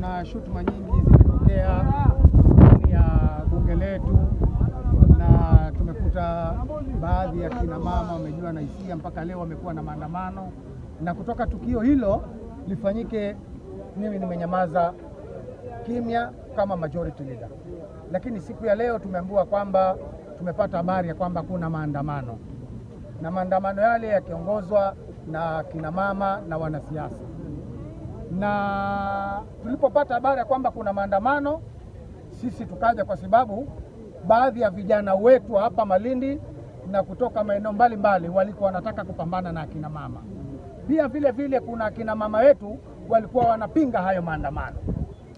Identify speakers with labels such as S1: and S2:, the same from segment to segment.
S1: kuna shutuma nyingi zimetokea ndani ya bunge letu, na tumekuta baadhi ya kina mama wamejua na hisia mpaka leo wamekuwa na maandamano, na kutoka tukio hilo lifanyike, mimi nimenyamaza kimya kama majority leader, lakini siku ya leo tumeambiwa kwamba tumepata habari ya kwamba kuna maandamano na maandamano yale yakiongozwa na kina mama na wanasiasa na tulipopata habari ya kwamba kuna maandamano, sisi tukaja kwa sababu baadhi ya vijana wetu hapa Malindi na kutoka maeneo mbalimbali walikuwa wanataka kupambana na akina mama. Pia vile vile kuna akina mama wetu walikuwa wanapinga hayo maandamano,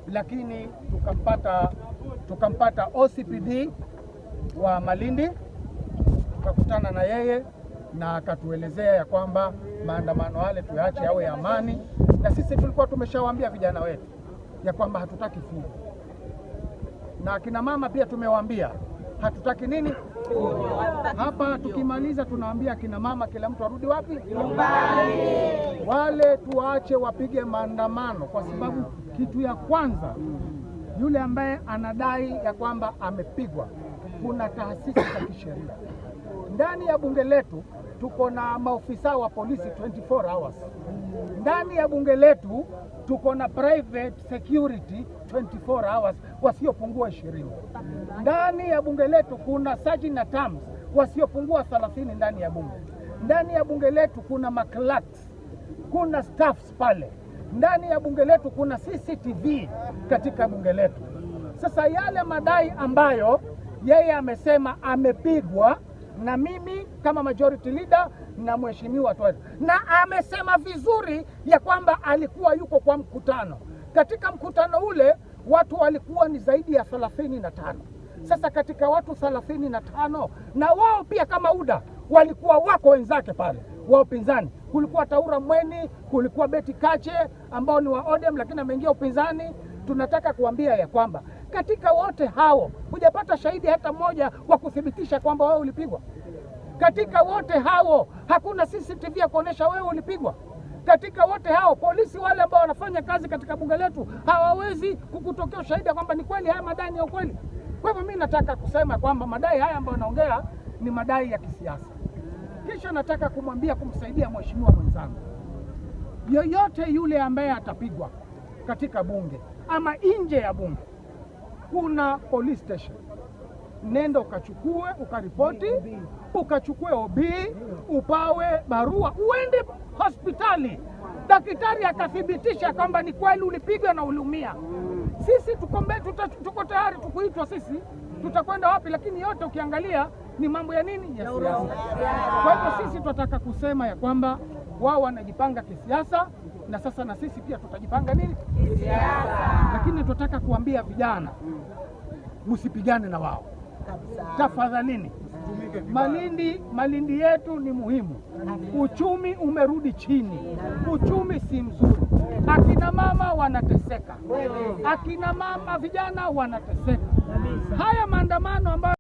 S1: lakini tukampata tukampata OCPD wa Malindi, tukakutana na yeye na akatuelezea ya kwamba maandamano yale tuyaache yawe amani, na sisi tulikuwa tumeshawaambia vijana wetu ya kwamba hatutaki fujo, na akina mama pia tumewaambia hatutaki nini hapa. Tukimaliza tunaambia akina mama, kila mtu arudi wapi?
S2: Nyumbani.
S1: Wale tuache wapige maandamano, kwa sababu kitu ya kwanza yule ambaye anadai ya kwamba amepigwa kuna taasisi za kisheria ndani ya bunge letu. Tuko na maofisa wa polisi 24 hours ndani ya bunge letu. Tuko na private security 24 hours wasiopungua ishirini ndani ya bunge letu. Kuna sergeant na terms wasiopungua 30 ndani ya bunge. Ndani ya bunge letu kuna maclerks, kuna staffs pale ndani ya bunge letu. Kuna CCTV katika bunge letu. Sasa yale madai ambayo yeye amesema amepigwa na mimi kama majority leader na mheshimiwa Twaita, na amesema vizuri ya kwamba alikuwa yuko kwa mkutano. Katika mkutano ule watu walikuwa ni zaidi ya thelathini na tano. Sasa katika watu thelathini na tano na wao pia kama UDA walikuwa wako wenzake pale wa upinzani, kulikuwa Taura Mweni, kulikuwa Beti Kache ambao ni wa ODM, lakini ameingia upinzani tunataka kuambia ya kwamba katika wote hao hujapata shahidi hata mmoja wa kuthibitisha kwamba wewe ulipigwa. Katika wote hao hakuna CCTV ya kuonesha wewe ulipigwa. Katika wote hao polisi wale ambao wanafanya kazi katika bunge letu hawawezi kukutokea ushahidi kwamba ni kweli haya madai ni ukweli. Kwa hivyo mimi nataka kusema kwamba madai haya ambayo naongea ni madai ya kisiasa. Kisha nataka kumwambia kumsaidia mheshimiwa mwenzangu, yoyote yule ambaye atapigwa katika bunge ama nje ya bunge kuna police station, nenda ukachukue ukaripoti, ukachukue OB, upawe barua, uende hospitali, daktari akathibitisha kwamba ni kweli ulipigwa na uliumia. Sisi tukombe, tuta, tuko tayari tukuitwa, sisi tutakwenda wapi? Lakini yote ukiangalia ni mambo ya nini ya siasa. Kwa hivyo sisi tunataka kusema ya kwamba wao wanajipanga kisiasa, na sasa na sisi pia tutajipanga nini
S2: kisiasa.
S1: Lakini tunataka kuambia vijana, msipigane na wao tafadhalini. Malindi, Malindi yetu ni muhimu. Uchumi umerudi chini, uchumi si mzuri, akina mama wanateseka, akina mama vijana wanateseka. Haya maandamano ambayo